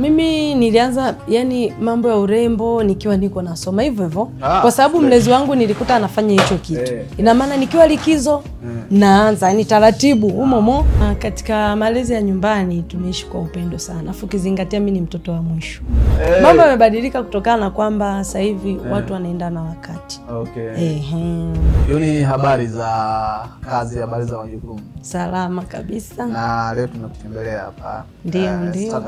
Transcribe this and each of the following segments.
Mimi nilianza yani mambo ya urembo nikiwa niko nasoma hivyo hivyo, ah, kwa sababu mlezi wangu nilikuta anafanya hicho kitu. Eh, eh. Ina maana nikiwa likizo eh. naanza yani taratibu ah. umomo. Ah, katika malezi ya nyumbani tumeishi kwa upendo sana, afu ukizingatia mi ni mtoto wa mwisho. Mambo yamebadilika kutokana na kwamba sasa hivi watu wanaenda na wakati. Okay. Habari za kazi, habari za majukumu? Salama kabisa, na leo tunakutembelea hapa. Ndio, ndio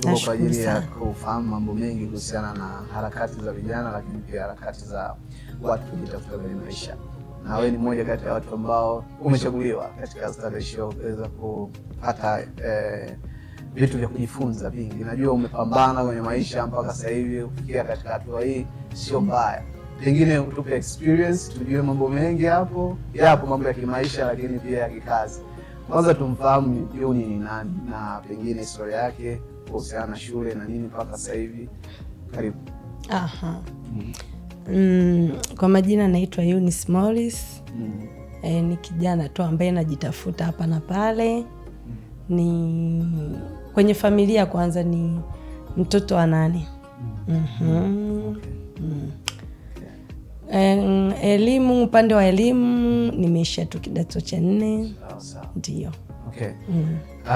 tuko kwa ajili ya kufahamu mambo mengi kuhusiana na harakati za vijana, lakini pia harakati za watu kujitafuta kwenye maisha na wewe ni mmoja kati ya watu ambao umechaguliwa katika Starehe Show kuweza kupata eh, vitu vya kujifunza vingi. Najua umepambana kwenye maisha mpaka sasa hivi kufikia katika hatua hii, sio mbaya. Pengine utupe experience, tujue mambo mengi hapo. Yapo mambo ya kimaisha, lakini pia ya kikazi. Kwanza tumfahamu Juni ni nani na pengine historia yake kuhusiana na shule na nini mpaka sasa hivi? Karibu. Aha. Mm. Mm, kwa majina naitwa Eunice Morris. Mm. E, ni kijana tu ambaye najitafuta hapa na pale. Mm. Ni kwenye familia kwanza ni mtoto wa nane. Mm. Mm-hmm. Mhm. Okay. Mm. Yeah. E, elimu upande wa elimu nimeisha tu kidato cha nne. ndio. Okay. Mm. Uh,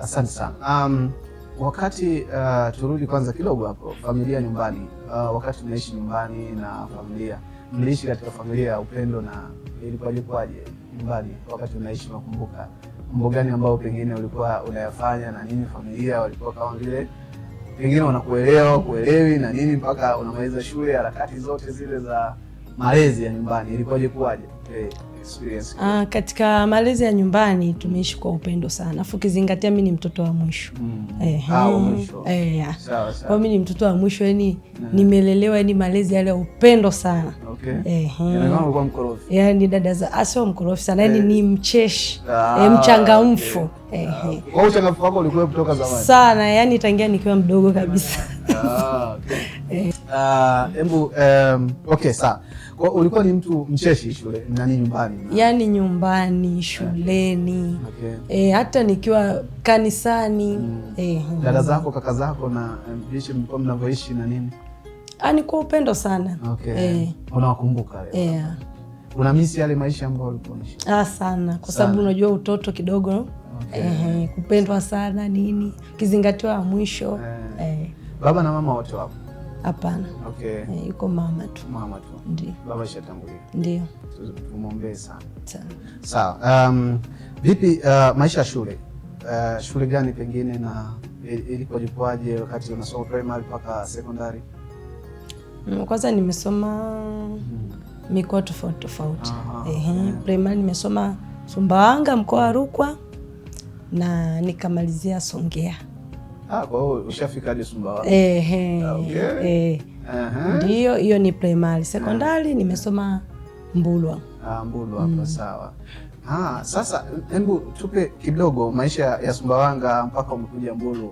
asante sana. Um, Wakati uh, turudi kwanza kidogo hapo familia nyumbani. Uh, wakati tunaishi nyumbani na familia, mliishi katika familia ya upendo, na ilikuwa ilikuwaje nyumbani wakati unaishi? Nakumbuka mambo gani ambayo pengine ulikuwa unayafanya na nini? Familia walikuwa kama vile pengine wanakuelewa kuelewi na nini, mpaka unamaliza shule, harakati zote zile za malezi ya nyumbani ilikuwa ilikuwaje? hey. Eh experience ah, katika malezi ya nyumbani tumeishi kwa upendo sana, afu ukizingatia mi ni mtoto wa mwisho mm. eh, ah, mm. eh kwa mi ni mtoto wa mwisho yani yeah. Mm. nimelelewa yani malezi yale ya upendo sana okay. eh, hmm. yani dada za asio ah, mkorofi sana yani eh. ni mcheshi ah, eh, mchangamfu okay. Eh, ah, eh. Sana yani tangia nikiwa mdogo kabisa ah, okay. Ah, hebu uh, um, okay Kwa ulikuwa ni mtu mcheshi shule nani nyumbani? yani nyumbani, shuleni. Okay. E, hata nikiwa kanisani. Mm. Eh, mm. dada zako, kaka zako na ishi mlikuwa mnavyoishi na nini? Ah, ni kwa upendo sana. Okay. e. Unawakumbuka leo? Unamisi yale maisha ambayo ulikuwa unaishi? Ah, sana kwa sababu unajua utoto kidogo. Okay. e, kupendwa sana nini? Kizingatiwa mwisho. e. E. Baba na mama wote wapo? Hapana. Okay. Eh, yuko mama tu. Mama tu. Ndio. Baba shatangulia. Ndio. Tumwombee sana. Sawa. Um, vipi uh, maisha ya shule uh, shule gani pengine na ilikuwaje wakati unasoma primary mpaka sekondari? Mm, kwanza nimesoma hmm. mikoa tofauti tofauti. Ehe, primary nimesoma Sumbawanga mkoa wa Rukwa na nikamalizia Songea. Ah, ushafika hadi Sumbawanga. Ehe. Okay. Eh. Ndio, hiyo ni primary. Sekondari nimesoma Mbulwa. Ah, Mbulwa hapa mm. Sawa. Ah, sasa hebu tupe kidogo maisha ya Sumbawanga mpaka umekuja Mbulu.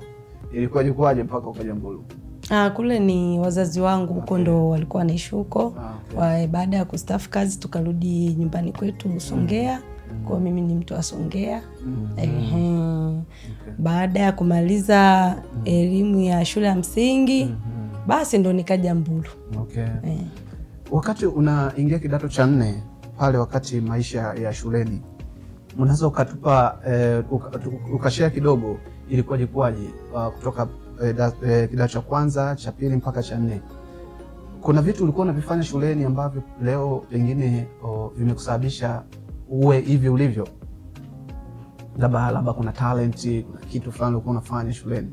Ilikuwa jukwaje mpaka ukaja Mbulu? Ah, kule ni wazazi wangu huko okay. Ndo walikuwa wanaishi huko ah, okay. Baada ya kustafu kazi tukarudi nyumbani kwetu Songea. Mm. Kwa mimi ni mtu wa Songea. Mm. Ehe okay. Baada ya kumaliza mm elimu ya shule ya msingi mm -hmm. basi ndo nikaja Mbulu okay. eh. Wakati unaingia kidato cha nne pale, wakati maisha ya shuleni, unaweza ukatupa eh, ukashea kidogo, ilikuwaje kwaje uh, kutoka eh, eh, kidato cha kwanza cha pili mpaka cha nne? Kuna vitu ulikuwa unavifanya shuleni ambavyo leo pengine oh, vimekusababisha uwe hivi ulivyo? labda labda kuna talent, kuna kitu fulani ulikuwa unafanya shuleni?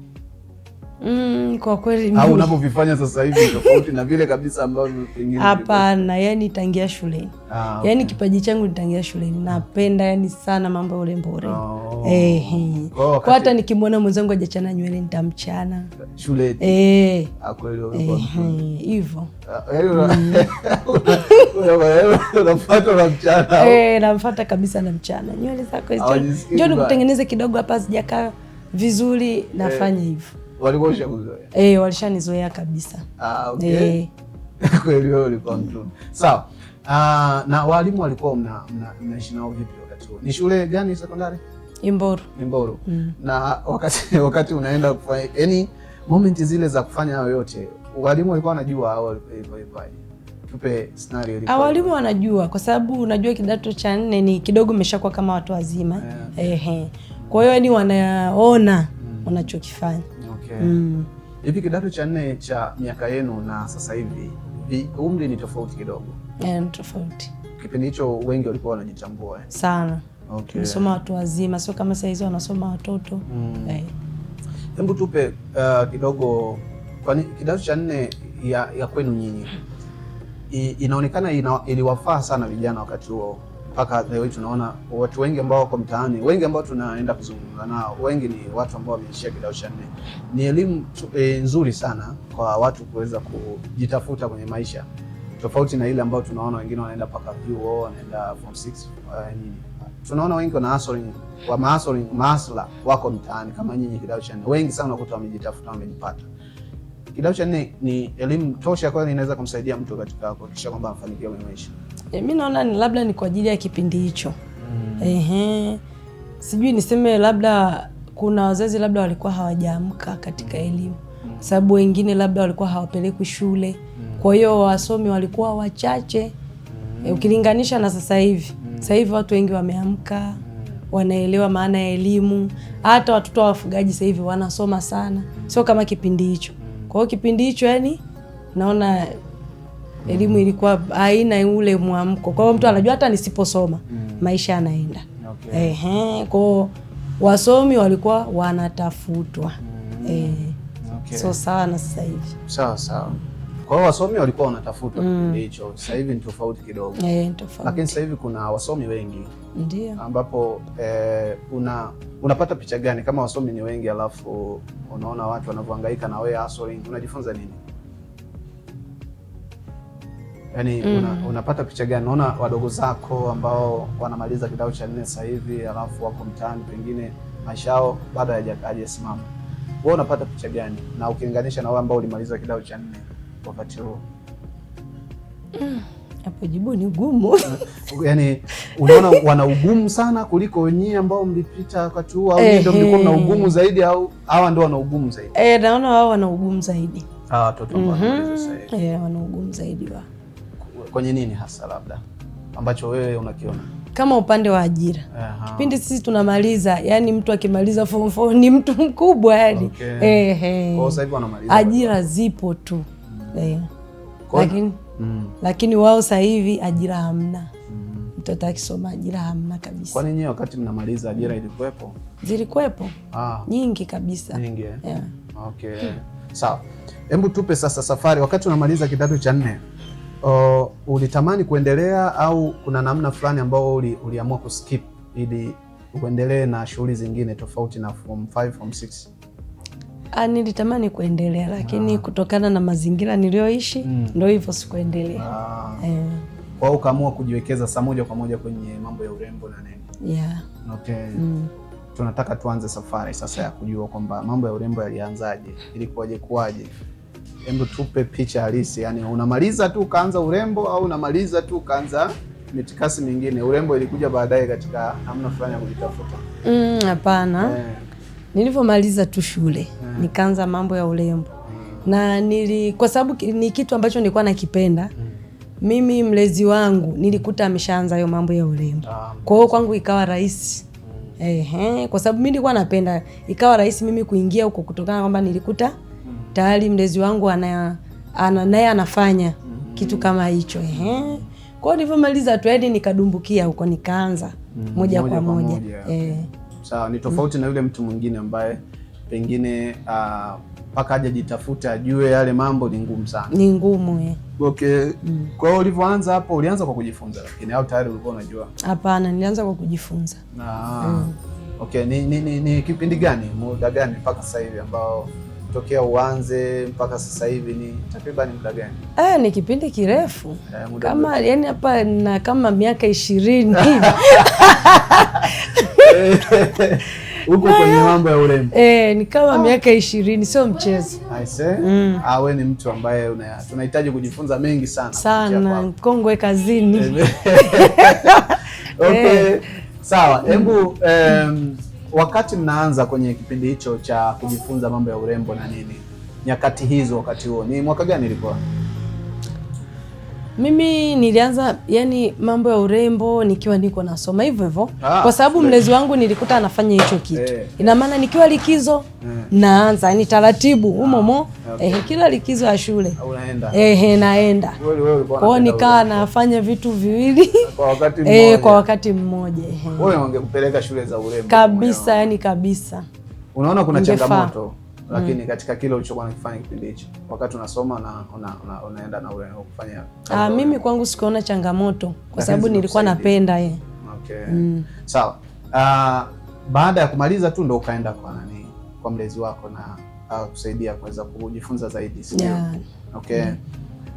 Mm, kwa kweli au unavyovifanya sasa hivi tofauti na vile kabisa ambavyo pengine. Hapana, yani tangia shuleni. Ah, okay. Yani kipaji changu nitangia shuleni, napenda yani sana mambo ya urembo urembo. Eh, oh, oh kwa hata nikimwona mwenzangu hajachana nywele nitamchana shuleni. Eh, ah, kweli hivyo ah, eh, mm. unamfuata na mchana. Eh, namfuata kabisa na mchana. Nywele zako hizo. Njoo nikutengeneze kidogo hapa sijakaa vizuri nafanya eh, hivyo. Walikuwa Eh, walishanizoea kabisa. Ah, okay. Eh. Kweli wewe ulikuwa mtu. Sawa. Ah, na walimu walikuwa mna mnaishi nao vipi wakati huo? Ni shule gani sekondari? Imboro. Imboro. Mm. Na wakati wakati unaenda kufanya yani moment zile za kufanya hayo yote, walimu walikuwa wanajua au walikuwa tupe scenario ilikuwa. Walimu wanajua kwa sababu unajua kidato cha nne ni kidogo umeshakuwa kama watu wazima yeah. Ehe, kwa hiyo yani wanaona mm. unachokifanya okay. mm. Hivi kidato cha nne cha miaka yenu na sasa hivi umri ni tofauti kidogo? Yeah, ni tofauti. Kipindi hicho wengi walikuwa wanajitambua eh? Sana. Okay. Nasoma watu wazima, sio kama saa hizi wanasoma watoto. Mm. Eh. Hebu tupe uh, kidogo kwani kidato cha nne ya, ya kwenu nyinyi inaonekana ina, iliwafaa sana vijana wakati huo mpaka leo tunaona watu wengi ambao wako mtaani, wengi ambao tunaenda kuzungumza nao, wengi ni watu ambao wameishia kidato cha nne. Ni elimu e, nzuri sana kwa watu kuweza kujitafuta kwenye maisha, tofauti na ile ambayo tunaona wengine wanaenda mpaka vyuo, wanaenda form 6 uh, nini. Tunaona wengi wana hustling, wa hustling masla wako mtaani kama nyinyi kidato cha nne, wengi sana wakuta wamejitafuta, wamejipata. Kidato cha nne ni elimu tosha, kwani inaweza kumsaidia mtu katika kuhakikisha kwamba anafanikiwa kwenye maisha. E, eh, mi naona ni labda ni kwa ajili ya kipindi hicho mm. Ehe, sijui niseme labda kuna wazazi labda walikuwa hawajaamka katika mm. elimu mm. sababu wengine labda walikuwa hawapelekwi shule mm. kwa hiyo wasomi walikuwa wachache mm. E, ukilinganisha na sasa hivi mm. sasa hivi watu wengi wameamka mm. wanaelewa maana ya elimu. Hata watoto wa wafugaji sasa hivi wanasoma sana, mm. sio kama kipindi hicho. Kwa hiyo kipindi hicho, yani naona elimu ilikuwa haina ule mwamko. Kwa hiyo mtu anajua hata nisiposoma mm. maisha yanaenda. Okay. Ehe, kwa hiyo wasomi walikuwa wanatafutwa. Mm. Eh. Okay. So sawa na sasa hivi. Sawa sawa. Kwa hiyo wasomi walikuwa wanatafuta mm. kipindi hicho Sasa hivi ni tofauti kidogo e, lakini sasa hivi kuna wasomi wengi ndio, ambapo eh, una, unapata picha gani kama wasomi ni wengi, alafu unaona watu wanavyohangaika na wewe hustling, unajifunza nini? Yaani mm. una, unapata picha gani? Naona wadogo zako ambao wanamaliza kidato cha nne sasa hivi alafu wako mtaani, pengine maisha yao bado hayajasimama, wewe unapata picha gani, na ukilinganisha na wale ambao ulimaliza kidato cha nne wakati huo mm. hapo? Jibu ni gumu. Yani, unaona wana ugumu sana kuliko wenyewe ambao mlipita wakati huo, au ndio mlikuwa mna ugumu zaidi, au hawa ndio wana ugumu zaidi? Eh, naona wao wana ugumu zaidi, Ah, watoto ambao mhm. eh, wana ugumu zaidi wa kwenye nini hasa, labda ambacho wewe unakiona kama upande wa ajira. Aha. Kipindi sisi tunamaliza, yani mtu akimaliza form 4 ni mtu mkubwa yani. Okay. Ehe. Kwa sasa hivi wanamaliza. Ajira zipo tu lakini, mm. lakini wao sasa hivi ajira hamna mm. mtoto akisoma ajira hamna kabisa. Kwani nini? wakati mnamaliza ajira ilikuwepo? Zilikuwepo ah. nyingi kabisa nyingi, eh? yeah. okay. hmm. Sawa, hebu tupe sasa safari wakati unamaliza kidato cha nne Uh, ulitamani kuendelea au kuna namna fulani ambao uliamua kuskip ili uendelee na shughuli zingine tofauti na form 5 form 6? Ah, nilitamani kuendelea lakini ah, kutokana na mazingira niliyoishi mm, ndo hivyo sikuendelea. Ah. Eh. Kwa hiyo ukaamua kujiwekeza saa moja kwa moja kwenye mambo ya urembo na nini? Yeah. Okay. Mm. Tunataka tuanze safari sasa ya kujua kwamba mambo ya urembo yalianzaje, ilikuwaje, kuwaje? Hebu tupe picha halisi, yani unamaliza tu ukaanza urembo au unamaliza tu ukaanza mitikasi mingine? Urembo ilikuja baadaye katika namna fulani ya kujitafuta? Mm, hapana. Mm, Nilivyomaliza tu shule mm. nikaanza mambo ya urembo na nili, kwa sababu ni kitu ambacho nilikuwa nakipenda mm. mimi mlezi wangu nilikuta ameshaanza hiyo mambo ya urembo ah. kwa hiyo kwangu ikawa rahisi mm. eh, kwa sababu mimi nilikuwa napenda, ikawa rahisi mimi kuingia huko kutokana kwamba nilikuta mm. tayari mlezi wangu ana, ana naye anafanya mm. kitu kama hicho eh. Kwa hiyo nilivyomaliza tu hadi yaani nikadumbukia huko nikaanza mm. moja, moja kwa moja, moja. Eh sawa, ni tofauti mm. na yule mtu mwingine ambaye pengine ah, mpaka uh, aje ajue yale mambo ni ngumu sana, ni ngumu eh. Okay. Mm. Kwa hiyo ulivyoanza hapo, ulianza kwa kujifunza, lakini au tayari ulikuwa unajua? Hapana, nilianza kwa kujifunza ah. mm. Okay, ni, ni, ni, ni kipindi gani, muda gani mpaka sasa hivi ambao tokea uanze mpaka sasa hivi ni takriban muda gani? Eh, ni kipindi kirefu eh, kama yani hapa na kama miaka ishirini Eh, huko kwenye mambo ya urembo eh, ni kama ah. miaka ishirini, sio mchezo. Mm. Ah, wewe ni mtu ambaye tunahitaji kujifunza mengi sana sana, mkongwe kazini. Eh, eh. Okay. Eh. Sawa, mm. hebu um, wakati mnaanza kwenye kipindi hicho cha kujifunza mambo ya urembo na nini, nyakati hizo, wakati huo ni mwaka gani ilikuwa? Mimi nilianza yani mambo ya urembo nikiwa niko nasoma hivyo hivyo, ah, kwa sababu mlezi wangu nilikuta anafanya hicho kitu. Eh. Ina maana nikiwa likizo eh. naanza yani taratibu ah, okay. Eh, kila likizo ya shule ehe, naenda kwao, nikawa nafanya vitu viwili kwa wakati eh, mmoja. Wewe ungekupeleka shule za urembo kabisa, yani kabisa. Unaona kuna changamoto lakini mm. katika kile ulichokuwa nakifanya kipindi hicho wakati unasoma na una, una, unaenda na kufanya ah, mimi kwangu sikuona changamoto kwa sababu nilikuwa napenda ye. Eh. Okay. Mm. Sawa. Uh, baada ya kumaliza tu ndo ukaenda kwa nani, kwa mlezi wako na uh, kusaidia kuweza kujifunza zaidi sio? Yeah. Okay. Mm.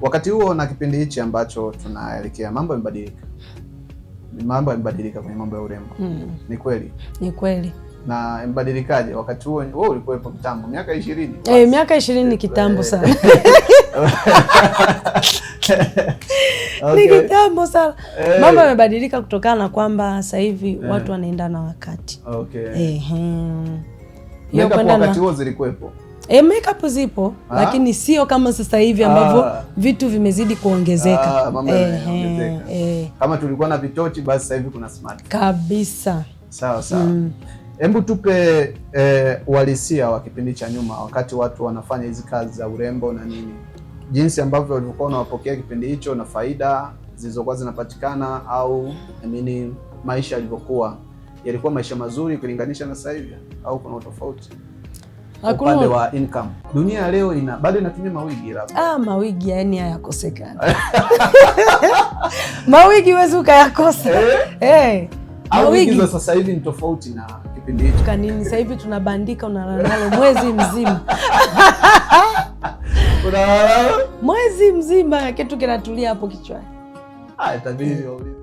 Wakati huo na kipindi hichi ambacho tunaelekea mambo yamebadilika, mambo yamebadilika kwenye mambo ya urembo. Mm. Ni kweli, ni kweli na mbadilikaje? Wakati huo wewe ulikuwepo kitambo, miaka ishirini eh, miaka ishirini ni kitambo eh. sana ni kitambo sana hey. Eh. Mambo yamebadilika kutokana na kwamba sasa hivi hey, eh. watu wanaenda na wakati okay. Hey, hmm. Wakati huo zilikuwepo E, makeup zipo ha? Ah. Lakini sio kama sasa hivi ambavyo ah. vitu vimezidi kuongezeka e, e, kama tulikuwa na vitochi basi sasa hivi kuna smart kabisa. Sawa sawa. Mm. Hebu tupe e, uhalisia wa kipindi cha nyuma, wakati watu wanafanya hizi kazi za urembo na nini, jinsi ambavyo walivyokuwa wanawapokea kipindi hicho na faida zilizokuwa zinapatikana, au amini maisha yalivyokuwa, yalikuwa maisha mazuri kulinganisha na sasa hivi, au kuna utofauti upande wa income? Dunia leo ina bado inatumia mawigi labda. Ah, mawigi yani hayakosekani mawigi huwezi ukayakosa eh. Hey. Eh, mawigi za sasa hivi ni tofauti na kipindi hicho kanini. Sasa hivi tunabandika, unalala nalo mwezi mzima unalala mwezi mzima, kitu kinatulia hapo kichwani. Ah, itabidi